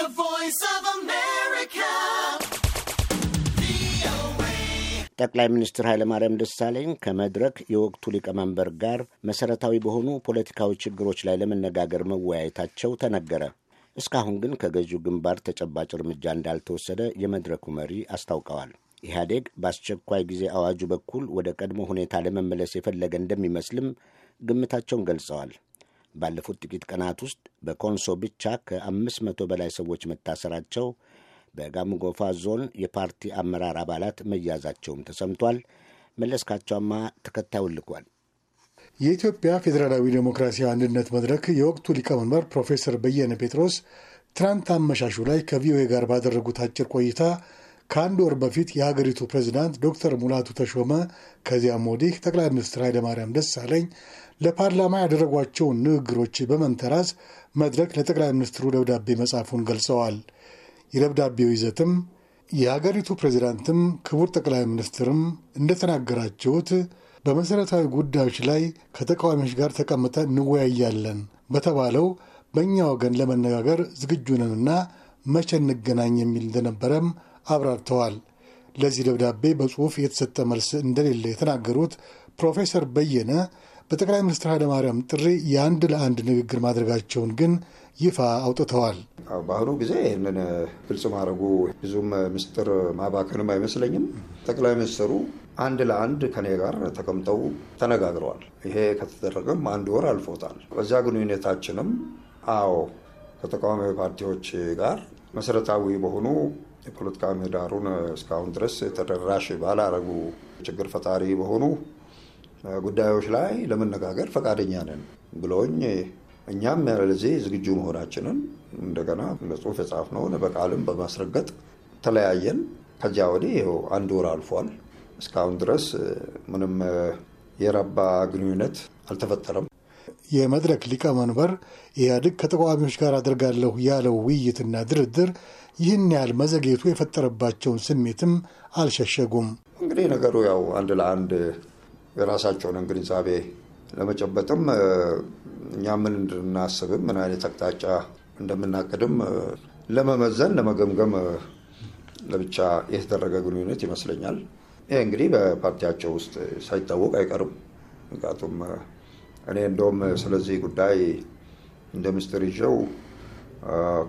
The Voice of America. ጠቅላይ ሚኒስትር ኃይለማርያም ደሳለኝ ከመድረክ የወቅቱ ሊቀመንበር ጋር መሠረታዊ በሆኑ ፖለቲካዊ ችግሮች ላይ ለመነጋገር መወያየታቸው ተነገረ። እስካሁን ግን ከገዢው ግንባር ተጨባጭ እርምጃ እንዳልተወሰደ የመድረኩ መሪ አስታውቀዋል። ኢህአዴግ በአስቸኳይ ጊዜ አዋጁ በኩል ወደ ቀድሞ ሁኔታ ለመመለስ የፈለገ እንደሚመስልም ግምታቸውን ገልጸዋል። ባለፉት ጥቂት ቀናት ውስጥ በኮንሶ ብቻ ከአምስት መቶ በላይ ሰዎች መታሰራቸው በጋምጎፋ ዞን የፓርቲ አመራር አባላት መያዛቸውም ተሰምቷል። መለስካቸውማ ተከታዩን ልኳል። የኢትዮጵያ ፌዴራላዊ ዴሞክራሲያዊ አንድነት መድረክ የወቅቱ ሊቀመንበር ፕሮፌሰር በየነ ጴጥሮስ ትናንት አመሻሹ ላይ ከቪኦኤ ጋር ባደረጉት አጭር ቆይታ ከአንድ ወር በፊት የሀገሪቱ ፕሬዚዳንት ዶክተር ሙላቱ ተሾመ ከዚያም ወዲህ ጠቅላይ ሚኒስትር ኃይለማርያም ደሳለኝ ለፓርላማ ያደረጓቸውን ንግግሮች በመንተራስ መድረክ ለጠቅላይ ሚኒስትሩ ደብዳቤ መጻፉን ገልጸዋል። የደብዳቤው ይዘትም የሀገሪቱ ፕሬዚዳንትም ክቡር ጠቅላይ ሚኒስትርም እንደተናገራችሁት በመሠረታዊ ጉዳዮች ላይ ከተቃዋሚዎች ጋር ተቀምጠ እንወያያለን በተባለው በእኛ ወገን ለመነጋገር ነንና መቼ እንገናኝ የሚል እንደነበረም አብራርተዋል። ለዚህ ደብዳቤ በጽሑፍ የተሰጠ መልስ እንደሌለ የተናገሩት ፕሮፌሰር በየነ በጠቅላይ ሚኒስትር ኃይለማርያም ጥሪ የአንድ ለአንድ ንግግር ማድረጋቸውን ግን ይፋ አውጥተዋል። በአሁኑ ጊዜ ይህንን ግልጽ ማድረጉ ብዙም ምስጢር ማባከንም አይመስለኝም። ጠቅላይ ሚኒስትሩ አንድ ለአንድ ከኔ ጋር ተቀምጠው ተነጋግረዋል። ይሄ ከተደረገም አንድ ወር አልፎታል። በዚያ ግንኙነታችንም አዎ ከተቃዋሚ ፓርቲዎች ጋር መሰረታዊ በሆኑ የፖለቲካ ምህዳሩን እስካሁን ድረስ ተደራሽ ባላረጉ ችግር ፈጣሪ በሆኑ ጉዳዮች ላይ ለመነጋገር ፈቃደኛ ነን ብሎኝ እኛም ለዚህ ዝግጁ መሆናችንን እንደገና በጽሁፍ ነው በቃልም በማስረገጥ ተለያየን። ከዚያ ወዲህ ይኸው አንድ ወር አልፏል። እስካሁን ድረስ ምንም የረባ ግንኙነት አልተፈጠረም። የመድረክ ሊቀመንበር ኢህአዴግ ከተቃዋሚዎች ጋር አድርጋለሁ ያለው ውይይትና ድርድር ይህን ያህል መዘግየቱ የፈጠረባቸውን ስሜትም አልሸሸጉም። እንግዲህ ነገሩ ያው አንድ ለአንድ የራሳቸውን ግንዛቤ ለመጨበጥም እኛ ምን እንድናስብም ምን አይነት አቅጣጫ እንደምናቅድም ለመመዘን ለመገምገም ለብቻ የተደረገ ግንኙነት ይመስለኛል። ይህ እንግዲህ በፓርቲያቸው ውስጥ ሳይታወቅ አይቀርም። ምክንያቱም እኔ እንደውም ስለዚህ ጉዳይ እንደ ምስጢር ይዤው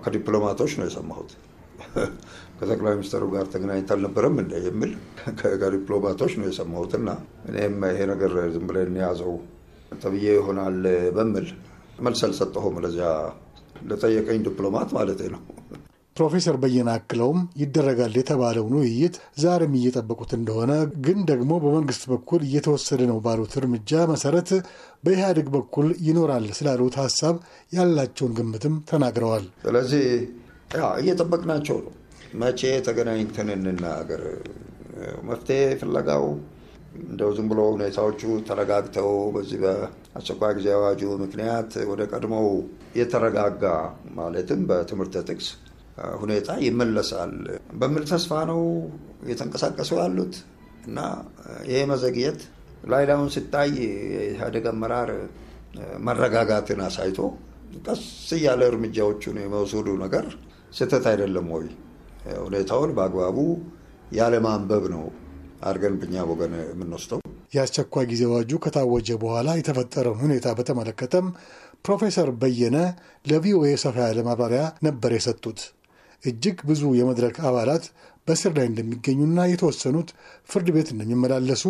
ከዲፕሎማቶች ነው የሰማሁት። ከጠቅላይ ሚኒስትሩ ጋር ተገናኝታ አልነበረም እንደ የሚል ከዲፕሎማቶች ነው የሰማሁትና እኔም ይሄ ነገር ዝም ብለን የያዘው ተብዬ ይሆናል በሚል መልስ አልሰጠሁም ለዚያ ለጠየቀኝ ዲፕሎማት ማለት ነው። ፕሮፌሰር በየነ አክለውም ይደረጋል የተባለውን ውይይት ዛሬም እየጠበቁት እንደሆነ ግን ደግሞ በመንግስት በኩል እየተወሰደ ነው ባሉት እርምጃ መሰረት በኢህአዴግ በኩል ይኖራል ስላሉት ሀሳብ ያላቸውን ግምትም ተናግረዋል። ስለዚህ እየጠበቅናቸው ነው። መቼ ተገናኝተን እንናገር? መፍትሄ ፍለጋው እንደው ዝም ብሎ ሁኔታዎቹ ተረጋግተው በዚህ በአስቸኳይ ጊዜ አዋጁ ምክንያት ወደ ቀድሞው የተረጋጋ ማለትም በትምህርት ጥቅስ ሁኔታ ይመለሳል በሚል ተስፋ ነው የተንቀሳቀሱ ያሉት እና ይሄ መዘግየት ላይ ላሁን ሲታይ የኢህአዴግ አመራር መረጋጋትን አሳይቶ ቀስ እያለ እርምጃዎቹን የመውሰዱ ነገር ስህተት አይደለም ወይ? ሁኔታውን በአግባቡ ያለማንበብ ነው አድርገን ብኛ ወገን የምንወስደው። የአስቸኳይ ጊዜ አዋጁ ከታወጀ በኋላ የተፈጠረውን ሁኔታ በተመለከተም ፕሮፌሰር በየነ ለቪኦኤ ሰፋ ያለ ማብራሪያ ነበር የሰጡት። እጅግ ብዙ የመድረክ አባላት በስር ላይ እንደሚገኙና የተወሰኑት ፍርድ ቤት እንደሚመላለሱ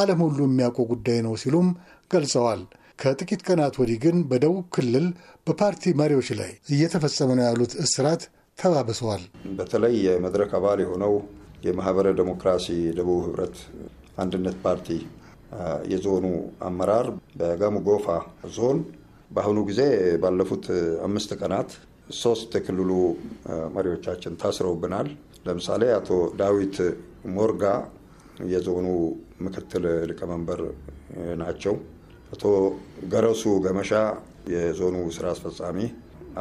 ዓለም ሁሉ የሚያውቁ ጉዳይ ነው ሲሉም ገልጸዋል። ከጥቂት ቀናት ወዲህ ግን በደቡብ ክልል በፓርቲ መሪዎች ላይ እየተፈጸመ ነው ያሉት እስራት ተባብሰዋል። በተለይ የመድረክ አባል የሆነው የማህበረ ዴሞክራሲ ደቡብ ህብረት አንድነት ፓርቲ የዞኑ አመራር በጋሞ ጎፋ ዞን በአሁኑ ጊዜ ባለፉት አምስት ቀናት ሶስት የክልሉ መሪዎቻችን ታስረውብናል። ለምሳሌ አቶ ዳዊት ሞርጋ የዞኑ ምክትል ሊቀመንበር ናቸው። አቶ ገረሱ ገመሻ የዞኑ ስራ አስፈጻሚ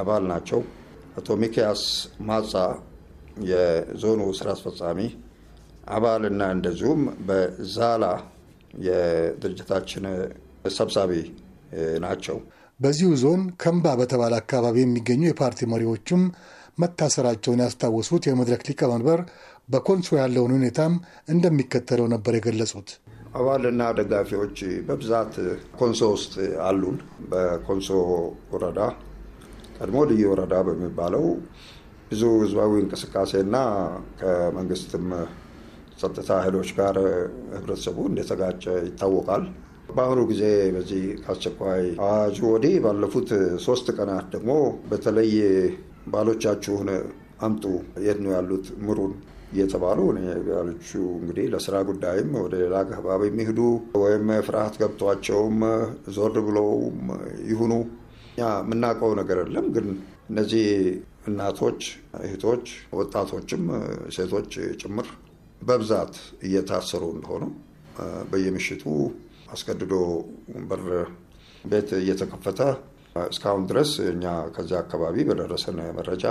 አባል ናቸው። አቶ ሚኪያስ ማጻ የዞኑ ስራ አስፈጻሚ አባል እና እንደዚሁም በዛላ የድርጅታችን ሰብሳቢ ናቸው። በዚሁ ዞን ከምባ በተባለ አካባቢ የሚገኙ የፓርቲ መሪዎችም መታሰራቸውን ያስታወሱት የመድረክ ሊቀመንበር በኮንሶ ያለውን ሁኔታም እንደሚከተለው ነበር የገለጹት። አባልና ደጋፊዎች በብዛት ኮንሶ ውስጥ አሉን። በኮንሶ ወረዳ ቀድሞ ልዩ ወረዳ በሚባለው ብዙ ህዝባዊ እንቅስቃሴና ከመንግስትም ጸጥታ ኃይሎች ጋር ህብረተሰቡ እንደተጋጨ ይታወቃል። በአሁኑ ጊዜ በዚህ ከአስቸኳይ አዋጁ ወዲህ ባለፉት ሶስት ቀናት ደግሞ በተለይ ባሎቻችሁን አምጡ የት ነው ያሉት ምሩን እየተባሉ ባሎቹ እንግዲህ ለስራ ጉዳይም ወደ ሌላ ገባብ የሚሄዱ ወይም ፍርሃት ገብቷቸውም ዞር ብለውም ይሁኑ እኛ የምናውቀው ነገር የለም። ግን እነዚህ እናቶች፣ እህቶች፣ ወጣቶችም ሴቶች ጭምር በብዛት እየታሰሩ እንደሆኑ በየምሽቱ አስገድዶ በር ቤት እየተከፈተ እስካሁን ድረስ እኛ ከዚያ አካባቢ በደረሰን መረጃ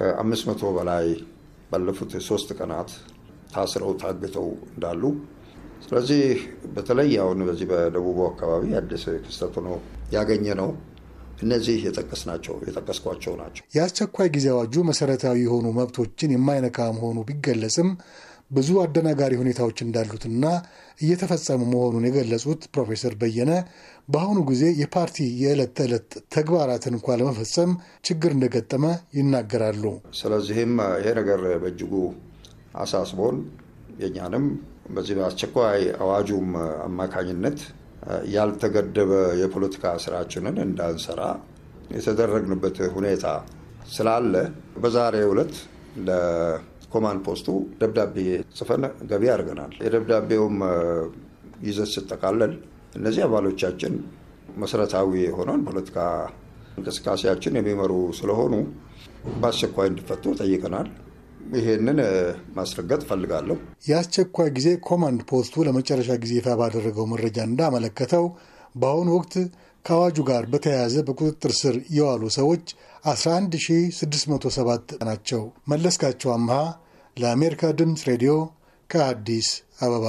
ከአምስት መቶ በላይ ባለፉት ሶስት ቀናት ታስረው ታግተው እንዳሉ ስለዚህ በተለይ አሁን በዚህ በደቡቡ አካባቢ አዲስ ክስተት ሆኖ ያገኘ ነው። እነዚህ ናቸው የጠቀስኳቸው ናቸው። የአስቸኳይ ጊዜ አዋጁ መሰረታዊ የሆኑ መብቶችን የማይነካ መሆኑ ቢገለጽም ብዙ አደናጋሪ ሁኔታዎች እንዳሉትና እየተፈጸሙ መሆኑን የገለጹት ፕሮፌሰር በየነ በአሁኑ ጊዜ የፓርቲ የዕለት ተዕለት ተግባራትን እንኳ ለመፈጸም ችግር እንደገጠመ ይናገራሉ። ስለዚህም ይሄ ነገር በእጅጉ አሳስቦን የእኛንም በዚህ በአስቸኳይ አዋጁም አማካኝነት ያልተገደበ የፖለቲካ ስራችንን እንዳንሰራ የተደረግንበት ሁኔታ ስላለ በዛሬ ዕለት ለኮማንድ ፖስቱ ደብዳቤ ጽፈን ገቢ አድርገናል። የደብዳቤውም ይዘት ስጠቃለል እነዚህ አባሎቻችን መሰረታዊ የሆነውን ፖለቲካ እንቅስቃሴያችን የሚመሩ ስለሆኑ በአስቸኳይ እንዲፈቱ ጠይቀናል። ይሄንን ማስረገጥ እፈልጋለሁ። የአስቸኳይ ጊዜ ኮማንድ ፖስቱ ለመጨረሻ ጊዜ ይፋ ባደረገው መረጃ እንዳመለከተው በአሁኑ ወቅት ከአዋጁ ጋር በተያያዘ በቁጥጥር ስር የዋሉ ሰዎች 11607 ናቸው። መለስካቸው አምሃ ለአሜሪካ ድምፅ ሬዲዮ ከአዲስ አበባ